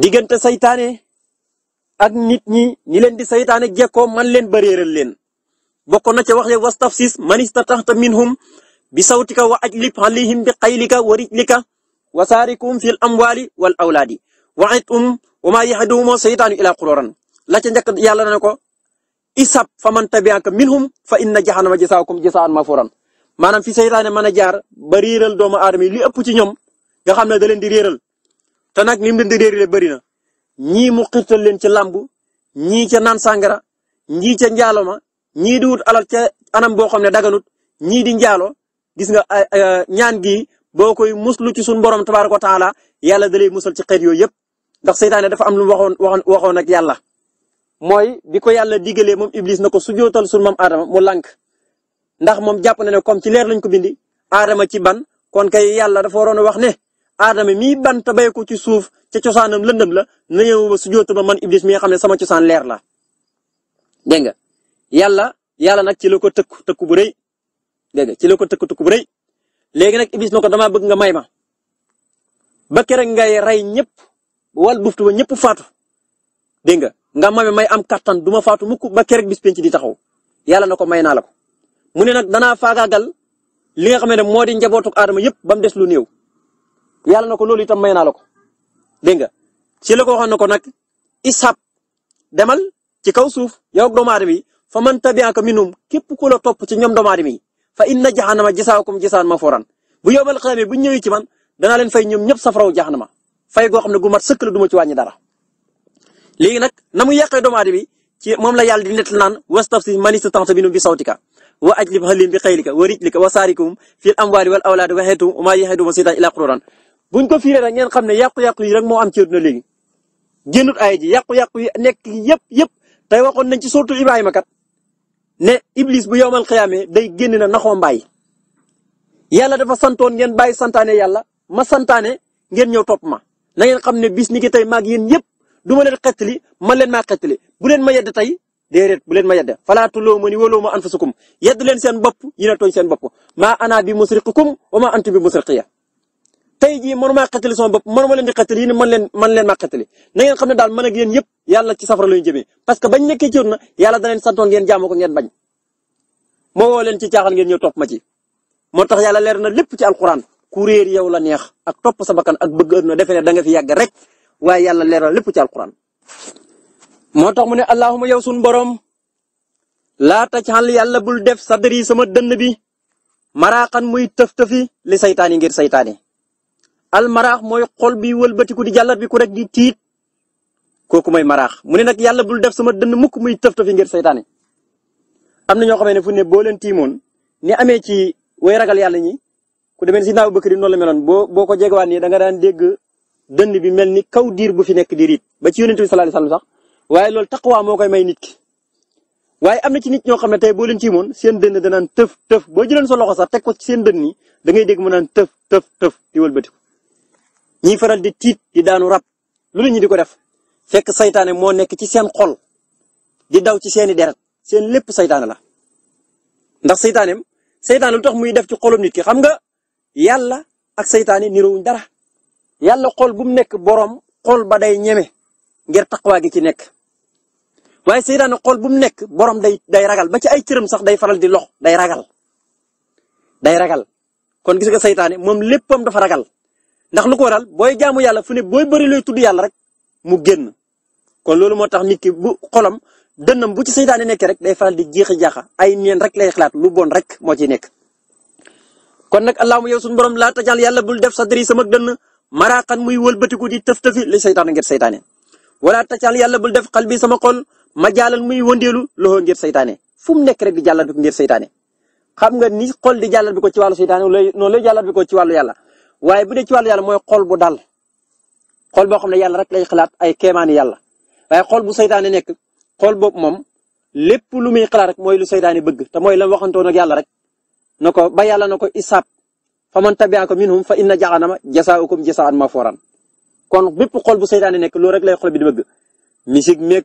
Speaker 1: diggante saytaane ak nit ñi ñi leen di saytaane jekkoo man leen bëreeral leen bokk na ca wax ya wastafsis man istataxta minhum bi sawtika wa ajlib alayhim bi qaylika wa rijlika wa saarikum fil amwali wal awlaadi wa itum wa ma yaxiduhuma saytaanu ila quroran la ca njëkk yàlla na ko isab fa man tabi'aka minhum fa inna jahannama jazaakum jazaan mafuran maanaam fi seytaane mën a jaar ba réeral doomu aadama yi li ëpp ci ñoom nga xam ne da leen di réeral te nag ni leen di réerale bëri na ñii mu leen ci làmb ñii ca naan sàngara ñii ca njaaloma ñii di wut alal ca anam boo xam ne daganut ñii di njaalo gis nga ñaan gi boo koy muslu ci suñu borom tabaaraka ko taala yàlla da lay musal ci xeet yooyu yëpp ndax seytaane dafa am lu mu waxoon waxoon ak yàlla. mooy bi ko yàlla digalee moom iblis na ko sujootal sunu maam Adama mu lànk ndax moom jàpp na ne comme ci leer lañ ko bindi Adama ci ban kon kay yàlla dafa waroon a wax ne Adama mii ban te bay ko ci suuf ca cosaanam lëndëm la na ñëw ma sujootal ma man iblis mi nga xam ne sama cosaan leer la dégg nga yàlla yàlla nag ci la ko tëkku tëkku bu rëy dégg ci la ko tëkku tëkku bu rëy léegi nag iblis na ko damaa bëgg nga may ma ba keroog ngay rey ñëpp wal buftu ba ñëpp faatu dégg nga nga mame may am kattan du ma muk mukk ba keroog bis penc di taxaw yàlla na ko may naa la ko mu ne nag danaa faagaagal li nga xam ne moo di njabootu aadama yëpp ba mu des lu néew yàlla na ko loolu itam may naa la ko dégg nga ci la ko waxoon na ko nag ishab demal ci kaw suuf yow ak doomu aadama yi fa man tabi'aka minhum képp ku la topp ci ñoom doomu aadama yi fa inna jahannama jisaakum jisaan ma foran bu yóbbal xamee bu ñëwee ci man danaa leen fay ñoom ñëpp safaraw jahannama fay goo xam ne gu mat sëkk la ci wàññi dara. léegi nag na mu yàqee doomu aadama bi ci moom la yàlla di nett naan wastafti man istata'ta minhum bi sawtika wa ajlib halim bi xaylika wa rijlika wa saarikum fil amwaali wal awlaadi wa xeetum wa maa yaxiduhum saytaan ila qururan buñ ko fiiree rek ngeen xam ne yàqu-yàqu yi rek moo am ci àdduna yàqu-yàqu yi nekk yëpp yëpp tey waxoon nañ ci surtout Ibrahima kat ne Iblis bu yowmal xiyaamee day génn na naxoo mbaay yàlla dafa santoon ngeen bàyyi santaane yàlla ma santaane ngeen ñëw topp ma na ngeen xam ne bis ni ki tey yéen yëpp du ma leen xettali man leen maa xettali bu leen ma yedd tey déedéet bu leen ma yedd falaatu loo ma ni waloo ma anfusukum yedd leen seen bopp yéen a tooñ seen bopp maa ana bi musriqukum wa maa antum bi musriqiya tey jii mënu ma xettali sama bopp mënu ma leen di xettali yéen man leen man leen maa xettali na ngeen xam ne daal man ak yéen yëpp yàlla safara lañu jëmee parce que bañ nekkee ci na yàlla da leen santoon ngeen jaamu ko ngeen bañ moo woo leen ci caaxaan ngeen ñëw topp ma moo tax yàlla leer na lépp ci alquran ku réer yow la neex ak bakkan ak bëgg na defe ne da nga fi yàgg rek waaye yàlla leeral lépp ci alquran moo tax mu ne allahuma yow sunu borom laa tajal yàlla bul def sadri sama dënn bi maraaxan muy tëf tëfi li saytaani ngir saytaani al maraax mooy xol bi wëlbatiku di jàllar bi ku rek di tiit kooku mooy maraax mu ne nag yàlla bul def sama dënn mukk muy tëf tëfi ngir saytaani am na ñoo xamee ne fu ne boo leen tiimoon ni amee ci way ragal yàlla ñi ku demee si naaw bëkkri noonu la meloon boo boo ko jegewaat nii da nga dënn bi mel ni kaw diir bu fi nekk di riib ba ci yonent bi sallallahu alayhi wasallam sax waaye loolu taqwa moo koy may nit ki. waaye am na ci nit ñoo xam ne tey boo leen ci moon seen dënn danaan tëf tëf boo jëloon sa loxo sax teg ko ci seen dënn yi da ngay dégg mu naan tëf tëf tëf di wëlbatiku. ñiy faral di tiit di daanu rab loolu la ñu di ko def fekk saytaane moo nekk ci seen xol di daw ci seeni deret seen lépp saytaane la ndax saytaaneem saytaane lu tax muy def ci xolum nit ki xam nga yàlla ak saytaane niroowuñ dara. yàlla xool bu mu nekk boroom xool ba day ñeme ngir taqwaa gi ci nekk waaye seytaane xool bu mu nekk boroom day day ragal ba ci ay cëram sax day faral di lox day ragal day ragal kon gis nga seytaane moom léppam dafa ragal ndax lu ko waral booy jaamu yàlla fu ne booy bari looy tudd yàlla rek mu génn kon loolu moo tax nikki bu xolam dënnam bu ci seytaane nekk rek day faral di jeexi jaaxa ay neen rek lay xalaat lu bon rek moo ciy nekk. kon nag allahumma yow suñu sama dënn maraaxan muy wëlbatiku di tëf tëfi li saytaane ngir saytaane wala tacaal yàlla bul def xal bi sama xol ma jàllal muy wëndeelu loxo ngir saytaane fu mu nekk rek di jàllal bi ko ngir saytaane xam nga ni xol di jàllal bi ko ci wàllu saytaane noonu lay jàllal ko ci wàllu yàlla waaye bu dee ci wàllu yàlla mooy xol bu dal xol boo xam ne yàlla rek lay xalaat ay kéemaani yàlla waaye xol bu saytaane nekk xol boobu moom lépp lu muy xalaat rek mooy lu seytaane bëgg te mooy la waxantoon ak yàlla rek na ko ba yàlla na fa man tabi'aka minhum fa inna jahannama jasaa'ukum jasaa'an mafuuran kon bépp xol bu seytaane nekk loo rek lay xol bi di bëgg misik meeg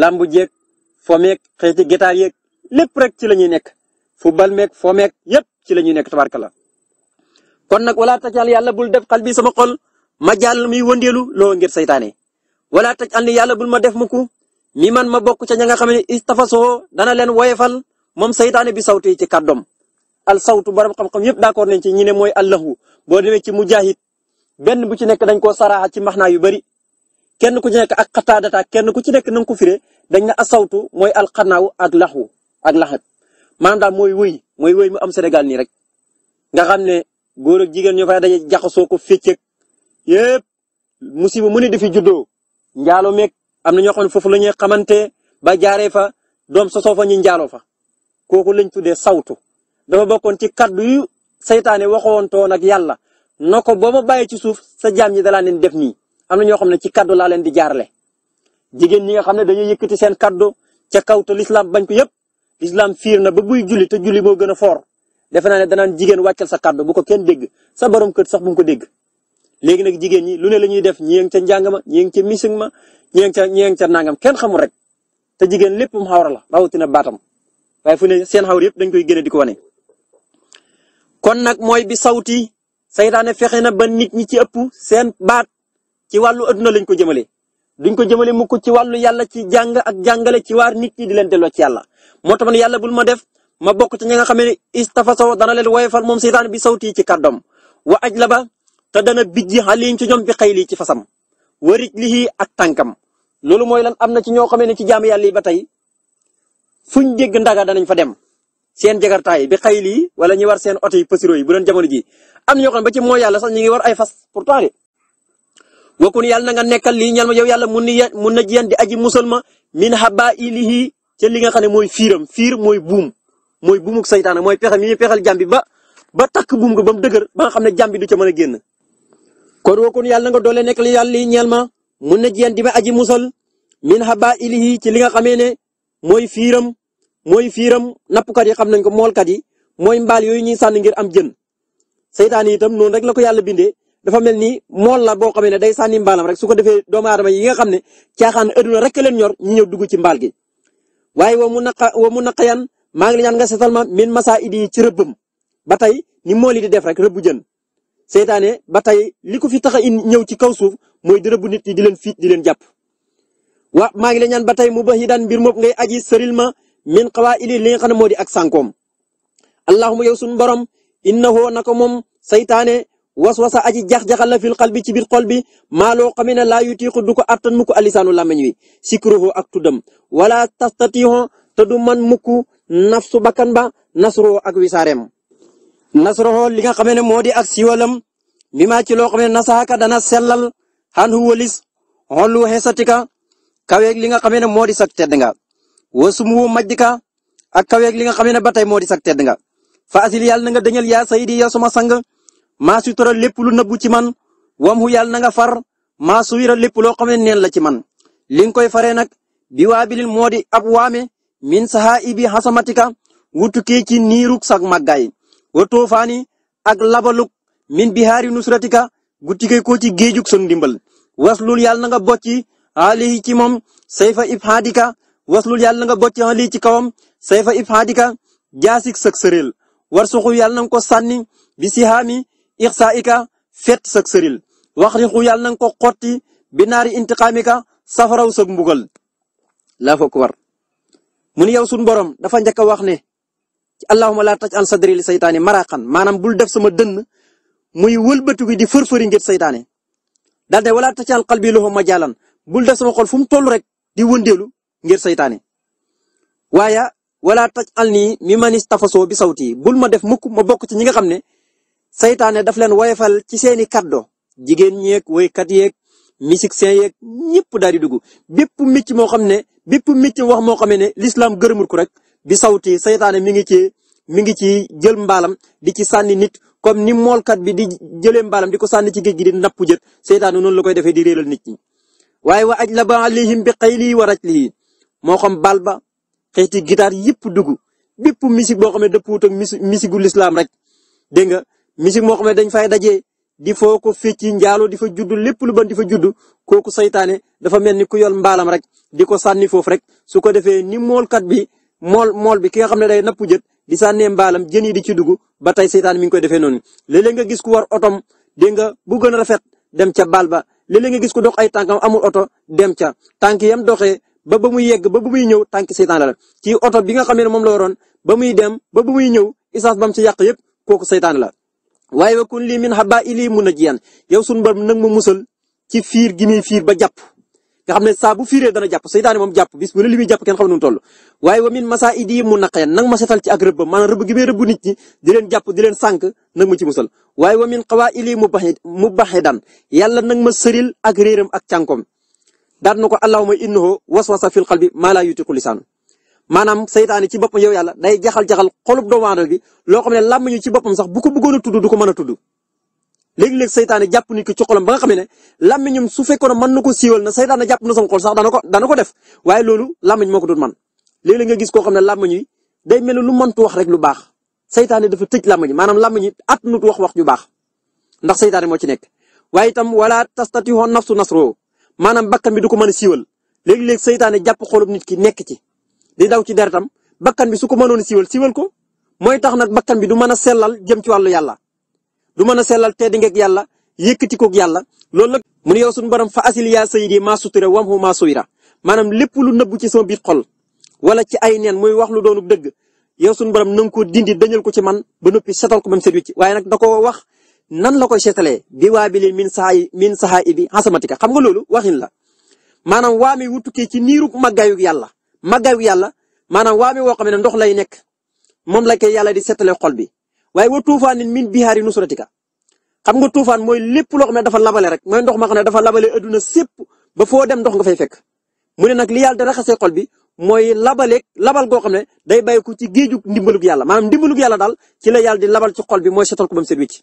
Speaker 1: lambu jeeg fo meeg xeeti gitaar yeeg lépp rek ci la ñuy nekk football meeg fo meeg yépp ci la ñuy nekk tabarkalla kon nag wala tajal yàlla bul def xal bi sama xol ma jàll muy wëndeelu loo ngir seytaane wala te ni yàlla bul ma def mukk mi man ma bokk ca ña nga xam ne istafasoo dana leen woyefal moom seytaane bi saw sawti ci kàddoom al sawtu borom xam-xam yëpp d'accord nañ ci ñi ne mooy allahu boo demee ci mujahid benn bu ci nekk dañ koo saraaxa ci maxnaa yu bari kenn ku ci nekk ak xataadata kenn ku ci nekk na nga ko firee dañ ne asawtu mooy alxanaaw ak laxu ak laxat maanaam daal mooy wëy mooy wëy mu am Sénégal nii rek nga xam ne góor ak jigéen ñoo fay daje jaxasoo ko fecceeg yëpp musiba mu ne dafi juddoo njaalo meeg am na ñoo xam ne foofu la ñuy xamante ba jaaree fa doom sosoo fa ñu njaaloo fa kooku lañ tuddee sawtu dafa bokkoon ci kaddu yu saytaane waxoon toon nag yàlla na ko boo ma ci suuf sa jaam ñi dalaa leen def nii am na ñoo xam ne ci kaddu laa leen di jaarale. jigéen ñi nga xam ne dañuy yëkkati seen kaddu ca kaw te lislaam bañ ko yëpp lislaam fiir na ba buy julli te julli moo gën a foor defe naa ne danaan jigéen wàccal sa kaddu bu ko kenn dégg sa borom kër sax bu mu ko dégg. léegi nag jigéen ñi lu ne la ñuy def ñii a ca njàng ma ñii a ngi ca mising ma ñii a ngi ca ñii nangam kenn xamul rek te jigéen lépp mu la rawatina baatam waaye fu ne seen xawr yëpp dañ koy génne di kon nag mooy bi sawti seytaane fexe na ba nit ñi ci ëpp seen baat ci wàllu adduna lañ ko jëmale duñ ko jëmale mukk ci wàllu yàlla ci jàng ak jàngale ci waar nit ñi di leen delloo ci yàlla moo tax man yàlla bul ma def ma bokk ci ñi nga xam ne istafasaw dana leen fal moom saytaane bi sawti ci kàddoom wa aj la ba te dana bijji xaliin ci ñoom bi xëy lii ci fasam warij lii ak tànkam loolu mooy lan am na ci ñoo xamee ne ci jaamu yàlla yi ba tey fuñ dégg ndaga danañ fa dem seen jagartaay bi xay wala ñi war seen oto yi pësiro yi bu doon jamono ji am ñoo xam ne ba ci moo yàlla sax ñu ngi war ay fas pourtant de wakkun yàlla na nga nekkal lii ñal mun na mun na jiyan di aji musulma min haba ilihi ca li nga xam ne mooy fiiram fiir mooy buum mooy buumuk saytaana mooy pexe mi ñuy pexel ba ba takk buum nga ba mu dëgër ba xam ne jàmbi du ca mën a génn kon wakkun yàlla na nga doole nekkal yàlla lii ñal ma mun na jiyan di ma aji musal min haba ilihi ci li nga xamee ne mooy fiiram mooy fiiram nappkat yi xam nañ ko moolkat yi mooy mbaal yooyu ñuy sànni ngir am jën seytaan yi itam noonu rek la ko yàlla bindee dafa mel ni mool la boo xamee ne day sànni mbaalam rek su ko defee doomu aadama yi nga xam ne caaxaan adduna rek leen ñor ñu ñëw dugg ci mbaal gi waaye wa mu naqa wa mu naqayan maa ngi la ñaan nga seetal ma min masa idi ci rëbbam ba tey ni mool yi di def rek rëbbu jën seytaane ba tey li ko fi tax a in ñëw ci kaw suuf mooy di rëbbu nit yi di leen fiit di leen jàpp maa ngi la ba tey mu bax yi daan mbir moom ngay aji min xawaa ili li nga xam ne moo di ak sànkoom allahuma yow suñu borom innahu na ko moom saytaane waswasa aji jax-jaxal la fil qalbi ci biir xol bi maa loo xamee ne laa yutiixu du ko attan mukk alisaanu làmmiñ wi sikruhu ak tuddam wala tastatiixo te du man mukk nafsu bakkan ba nasruhu ak wisaareem nasruhu li nga xamee ne moo di ak siwalam bi maa ci loo xamee ne nasaaka dana sellal xan hu walis xollu xesatika kaweeg li nga xamee ne moo di sak tedd wasumu majjika ak kaweeg li nga xam ne ba tey moo di sag tedd nga fa asil yàlla na nga dañal yaa saydi yaa suma sang maa sutura lépp lu nëbbu ci man wam hu yàlla na nga far maa suwira lépp loo xam ne la ci man li nga koy faree nag bi waabilin moo di ab waame min saxaa ibi xasamatika wutukee ci niirug sag màggaay wa toofaani ak labaluk min bihaari nusratika gutikee ko ci géejug sun ndimbal waslul yàlla na nga boci aalihi ci moom sayfa ibhaadika waslul yàlla nga bocc lii ci kawam sayfa ifhaadika jaasik sëg sëril war suxu yàlla na ko sànni bi sihaami ixsaika fet sëg sëril xu yàlla na nga ko xotti bi naari intiqaamika safaraw sëg mbugal laa foog war mu ne yow sunu borom dafa njëkk wax ne ci allahuma laa taj al sadri li saytaane maraqan maanaam bul def sama dënn muy wëlbatu gi di fërfëri ngir saytaane daal ne wala taj an qalbi ma jaalan bul def sama xol fu mu toll rek di wëndelu ngir saytaane waaye wala taj al nii mi mani istafasoo bi saw ti bul ma def mukk ma bokk ci ñi nga xam ne saytaane daf leen woyefal ci seeni kaddo jigéen ñeeg woykat yeeg musiciens yeeg ñëpp daal di dugg bépp micc moo xam ne bépp micc wax moo xam ne lislaam gërëmul ko rek bi sawti saytaane mi ngi ci mi ngi ci jël mbaalam di ci sànni nit comme ni moolkat bi di jëlee mbaalam di ko sànni ci géej gi di napp jët seytaane noonu la koy defee di réeral nit ñi waaye wa ajlaba alayhim bi xayli wa rajlihi moo xam bal ba xeeti guitare yëpp dugg bépp musique boo xam ne dëppuwut ak musique gu lislaam rek dégg nga musique moo xam ne dañ fay dajee di foo ko fecci njaalo di fa judd lépp lu ban di fa judd kooku seytaane dafa mel ni ku yor mbaalam rek di ko sànni foofu rek su ko defee ni moolkat bi mool mool bi ki nga xam ne day napp jët di sanne mbaalam jën yi di ci dugg ba tey saytaan mi ngi koy defee noonu léeg nga gis ku war otom dégg nga bu gën a rafet dem ca baal ba léeg nga gis ku dox ay tànkam amul oto dem ca tànk yam doxee ba ba muy yegg ba ba muy ñëw tànk seytaane la kii oto bi nga xam ne moom la waroon ba muy dem ba ba muy ñëw essence ba ci yàq yëpp kooku seytaane la. waaye wa kun lii min xabaa ilii mun a jiyan yow sunu borom nag ma musal ci fiir gi fiir ba jàpp nga xam ne saa bu fiiree dana jàpp seytaane moom jàpp bis bu ne li muy xam nu mu toll. waaye wa min masaa idii mu naqeen nag ma setal ci ak rëbb maanaam rëbb gi may rëbb nit ñi di leen jàpp di leen sànq nag ma ci musal waaye wa min xawaa ilii mu baxe mu baxe daan yàlla nag ma sëril ak réeram ak cànkoom daal na ko allahumma innahu waswasa fil qalbi maa laa yutiqu lisaan maanaam seytaane ci boppam yow yàlla day jaxal jaxal xolub doomu aadama bi loo xam ne làmmiñu ci boppam sax bu ko bëggoon a tudd du ko mën a tudd. léegi-léegi saytaane jàpp nit ki ci xolam ba nga xam ne làmmiñam su fekkoon mën na ko siiwal na saytaane jàpp na sama xol sax dana ko dana def waaye loolu làmmiñ moo ko doon man léeg-léeg nga gis ko xam ne làmmiñ yi day mel lu mëntu wax rek lu baax saytaane dafa tëj làmmiñ yi maanaam làmmiñ yi at nut wax wax ju baax ndax saytaane moo ci nekk waaye itam wala tastatihu nafsu nasro maanaam bakkan bi du ko mën a siiwal léegi-léegi seytaane jàpp xolub nit ki nekk ci di daw ci dara tam bakkan bi su ko mënoon siiwal siiwal ko mooy tax nag bakkan bi du mën a sellal jëm ci wàllu yàlla du mën a sellal tedd ngeeg yàlla yëkkati koog yàlla loolu nag mu ne yow suñu borom fa asil yaa sayidi maa sutura wam hu maa suyra maanaam lépp lu nëbbu ci sama biir xol wala ci ay neen muy wax lu doonu dëgg yow suñu borom na nga ko dindi dañal ko ci man ba noppi setal ko ba mu set waaye nag da wax nan la koy seetalee bi waa bi min saay min saxaa ibi xasamatika xam nga loolu waxin la maanaam waa mi wutukee ci niiru màggaayu yàlla màggaayu yàlla maanaam waa mi woo xam ne ndox lay nekk moom la koy yàlla di seetalee xol bi waaye wa tuufaanin min bihaari nusratika xam nga tuufaan mooy lépp loo xam ne dafa labale rek mooy ndox ma xam ne dafa labale adduna sépp ba foo dem ndox nga fay fek mu ne nag li yàlla da raxasee xol bi mooy labale labal goo xam ne day bàyyi ko ci géejug ndimbalug yàlla maanaam ndimbalug yàlla daal ci la yàlla di labal ci xol bi mooy setal ko ba mu set wicc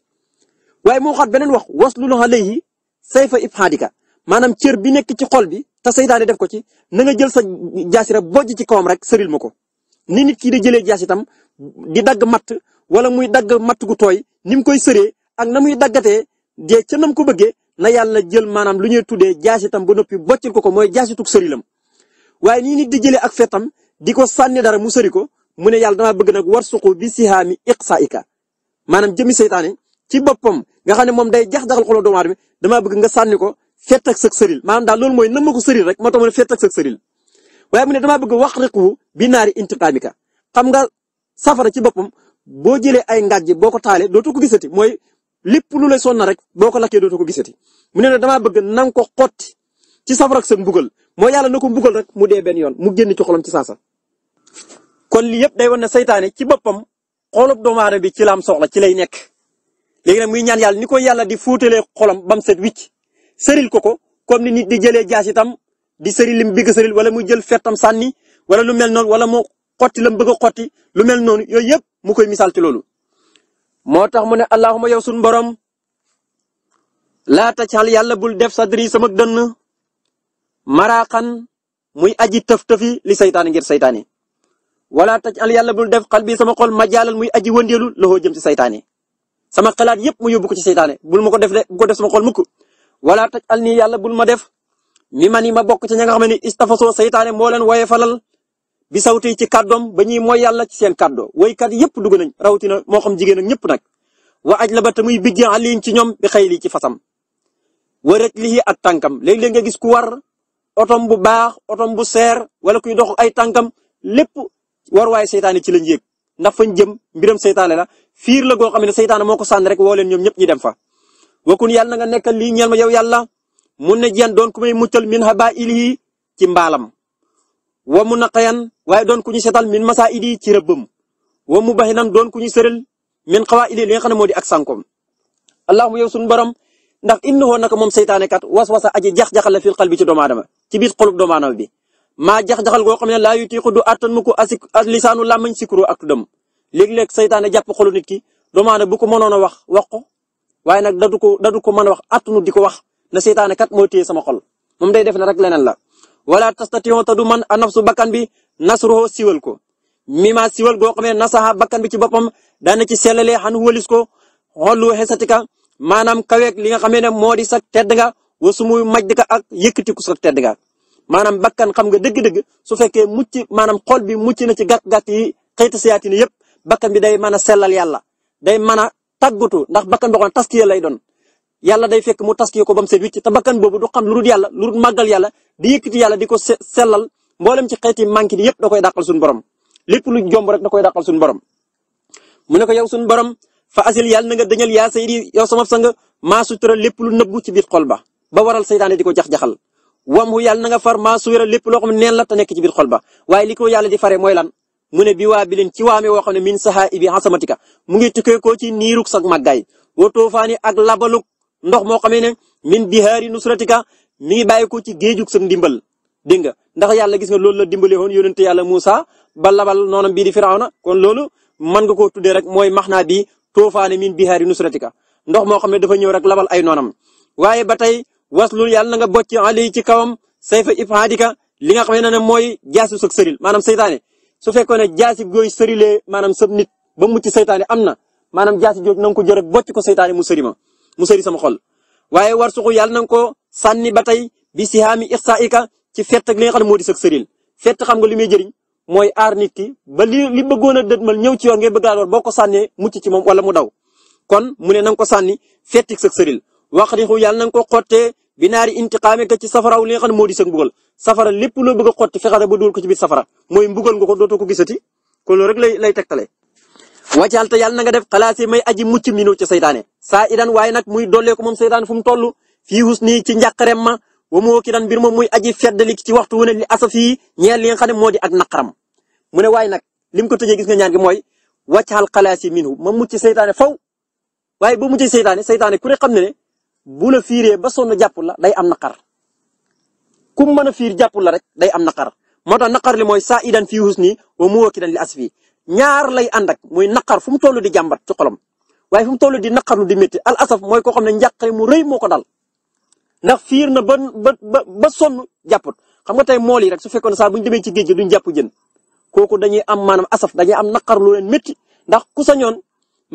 Speaker 1: waaye moo waxaat beneen wax lu waslul fa sayfa ibhaadika maanaam cër bi nekk ci xol bi te seytaane def ko ci na nga jël sa jaasira bojj ci kawam rek sëril ma ko ni nit kii di jëlee jaas itam di dagg matt wala muy dagg matt gu tooy ni mu koy sëree ak na muy daggatee dee ca nam ko bëggee na yàlla jël maanaam lu ñuy tuddee jaas ba noppi boccil ko ko mooy jaasitug sërilam waaye nii nit di jëlee ak fetam di ko sànni dara mu sëri ko mu ne yàlla damaa bëgg nag war suqu bi sihaami iqsaika maanaam jëmmi seytaane ci boppam nga xam ne moom day jax jaxal xoloo doomu aadama damaa bëgg nga sànni ko fett ak sëg sëril maanaam daal loolu mooy nam ma ko sëril rek moo tax ma ne fett ak sëg sëril waaye mu ne dama bëgg wax rek wu bi naari intiqaamika xam nga safara ci boppam boo jëlee ay ngàjj boo ko taalee dootoo ko gisati mooy lépp lu lay sonna rek boo ko lakkee dootoo ko gisati mu ne ne damaa bëgg nang ko xotti ci safara ak sa mbugal moo yàlla na ko mbugal rek mu dee benn yoon mu génn ci xolam ci saasa kon lii yëpp day wan ne saytaane ci boppam xolub doomu aadama bi ci la soxla ci lay nekk léegi nag muy ñaan yàlla ni ko yàlla di fóotalee xolam bam set wicc seril ko ko comme ni nit di jëlee jaas itam di sëril lim bëgg sëril wala muy jël fettam sànni wala lu mel noonu wala mu xotti lam bëgg a xotti lu mel noonu yooyu yëpp mu koy misaal ci loolu. moo tax mu ne allahuma yow sunu borom laa tajal yàlla bul def sadri sama dënn maraaxan muy aji tëf tëfi li saytaane ngir saytaane. wala tajal yàlla bul def xal bi sama xol majaalal muy aji wëndeelu loxoo jëm ci saytaane. sama xalaat yëpp mu yóbbu ko ci seytaane bul ma ko def de bu ko def sama xol mukk wala taj al nii yàlla bul ma def mi ma ni ma bokk ci ña nga xam ne istafasoo seytaane moo leen woye falal bi sawti ci kàddoom ba ñuy mooy yàlla ci seen kàddoo woykat yëpp dugg nañ rawatina moo xam jigéen ak ñëpp nag wa aj la ba te muy bijji aliin ci ñoom bi xëy lii ci fasam wa rëj lii ak tànkam léeg nga gis ku war otom bu baax otom bu seer wala kuy dox ay tànkam lépp war waaye seytaane ci lañ yéeg ndax fañ jëm mbiram seytaane la fiir la goo xam ne seytaane moo ko sànni rek woo leen ñoom ñëpp ñu dem fa wakun yàlla na nga nekkal lii ñeel ma yow yàlla mun na jiyan doon ku may muccal min haba ili ci mbaalam wa mu naqayan waaye doon ku ñu setal min masa idi ci rëbbam wa mu baxinan doon ku ñu sëral min xawaa ili li nga xam ne moo di ak sànkom allahuma yow suñu borom ndax innahu naka moom seytaane kat waswasa aji jax-jaxal la fil xal bi ci doomu aadama ci biir xolub doomu bi maa jax-jaxal goo xam ne laa yutiiqu du attan mu ko asik lisaanu làmmañ sikru ak tuddam léeg-léeg saytaane jàpp xolu nit ki doomu aadama bu ko mënoon a wax wax ko waaye nag dadu ko dadu ko mën a wax attunu di ko wax na saytaane kat moo téye sama xol moom day def ne rek leneen la. wala tastatiyon te du man a su bakkan bi nasruhu siwal ko ma siwal goo xamee nasaha bakkan bi ci boppam dana ci sellalee xan walis ko xollu xesatika maanaam kaweeg li nga xamee ne moo di sax tedd nga wa su muy maj ka ak yëkkatiku sax tedd nga maanaam bakkan xam nga dëgg su fekkee mucc maanaam xol bi mucc na ci gàtt gàtt yi xëyti siyaati ni yëpp bakkan bi day mën a sellal yàlla day mën a tàggatu ndax bakkan boo xam ne lay doon yàlla day fekk mu taskiya ko ba mu set wicc te boobu du xam lu dul yàlla lu dul màggal yàlla di yëkkati yàlla di ko sellal mboolem ci xeeti manki di yëpp da koy dàqal suñu borom lépp lu jomb rek da koy dàqal suñu borom mu ne ko yow suñu borom fa asil yàlla na nga dañal yaa saydi yow sama sang maa sutura lépp lu nëbbu ci biir xol ba ba waral saytaane di ko jax-jaxal wam hu yàlla na nga far maa suwira lépp loo la te nekk ci biir xol ba waaye li ko yàlla di mooy lan mu ne bi waa bi leen ci waame woo xam ne min saxaa ibi asamatika mu ngi tukkee koo ci niiruk sag màggaay wa toofaani ak labaluk ndox moo xamee ne min bihaari nusratika mi ngi bàyyi ko ci géejug sa ndimbal dégg nga ndax yàlla gis nga loolu la dimbale woon yónente yàlla Moussa ba labal noonam bii di Firawna kon loolu mën nga koo tuddee rek mooy maxnaa bi toofaane min bihaari nusratika ndox moo xam ne dafa ñëw rek labal ay noonam waaye ba tey waslul yàlla na nga bocc alay ci kawam sayfa ibhaadika li nga xam ne mooy jaasu sag sëril maanaam seytaane su fekkoon ne jaasi gooy sërilee maanaam sëb nit ba mucc seytaane am na maanaam jaasi joog na nga ko jërek bocc ko seytaane mu sëri ma mu sëri sama xol waaye war suxu yàlla na nga ko sànni ba tey bi si xaami ixsaika ci fett ak li nga xam ne moo di sëg sëril fett xam nga li muy jëriñ mooy ar nit ki ba li li bëggoon a dëdmal ñëw ci yoon ngay bëgg war boo ko sànnee mucc ci moom wala mu daw kon mu ne na ko sànni fet sëg sëril wax rixu yàlla na nga ko xottee binaari intiqaame ka ci safaraw li xam ne moo di sëg mbugal safara lépp loo bëgg a xotti fexeel ba dugal ko ci biir safara mooy mbugal nga ko dootoo ko gisati kon loolu rek lay lay tegtale. wàccal te yàlla na nga def xalaasi may aji mucc minoo ci saytaane saa idan waaye nag muy dollee ko moom saytaane fu mu toll fii hus nii ci njàqarem ma wa moo ki dan mbir moom muy aji feddali ci waxtu wu ne li asa fii li nga xam ne moo di ak naqaram mu ne waaye nag lim ko tëjee gis nga ñaan gi mooy wàccal xalaasi minhu ma mucc saytaane faw waaye ba mucc saytaane saytaane ku ne xam ne ne la fiiree ba sonn jàpp la day am naqar ku mën a fiir jàppul la rek day am naqar moo tax naqar li mooy saa idan fii husni wa muwakidan li asfi ñaar lay ànd ak mooy naqar fu mu toll di jàmbat ci xolam waaye fu mu toll di naqar di métti al asaf mooy koo xam ne njàqare mu rëy moo ko dal ndax fiir na ba ba ba sonn jàpput xam nga tey mool yi rek su fekkoon saa bu ñu demee ci géej gi jàpp jën kooku dañuy am maanaam asaf dañuy am naqar lu leen métti ndax ku sañoon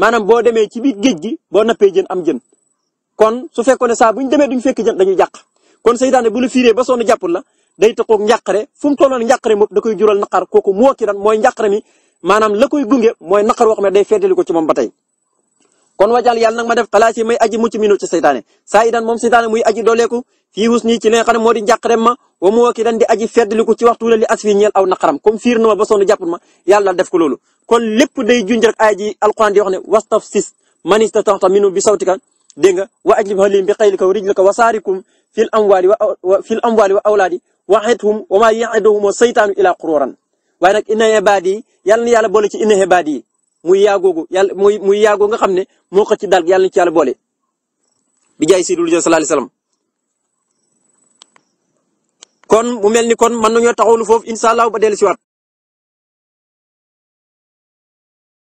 Speaker 1: maanaam boo demee ci biir géej gi boo nappee jën am jën kon su fekkoon ne saa bu ñu demee duñ fekk jën dañuy jàq kon seytaane bu la fiiree ba sonn jàppul la day tëqoog njàqare fu mu tolloon njàqare moom da koy jural naqar kooku moo ki dan mooy njàqare mi maanaam la koy gunge mooy naqar wax ko ci moom ba tey kon may aji mucc minu ci seytaane saa idan moom seytaane muy aji dooleeku fii hus ci li nga xam ne wa mu wokki di aji feddaliku ci waxtu la li as fii aw naqaram comme fiir ma ba sonn jàppul ma yàlla def ko kon lépp day junj rek aaya ji alquran wa ajlib fil amwaali wa fil amwaali wa awlaadi waxeethum wa maa ya'iduhum saytaanu ilaa quruuran waaye nag inna yàlla na yàlla boole ci inna ibaadi yi muy yaagoogu yàlla muy muy nga xam ne moo ko ci dal yàlla na ci yàlla boole. bi jaay si dul jo sallallahu alayhi wasallam kon mu mel ni kon mën nañoo taxawlu foofu incha allah ba dellusiwaat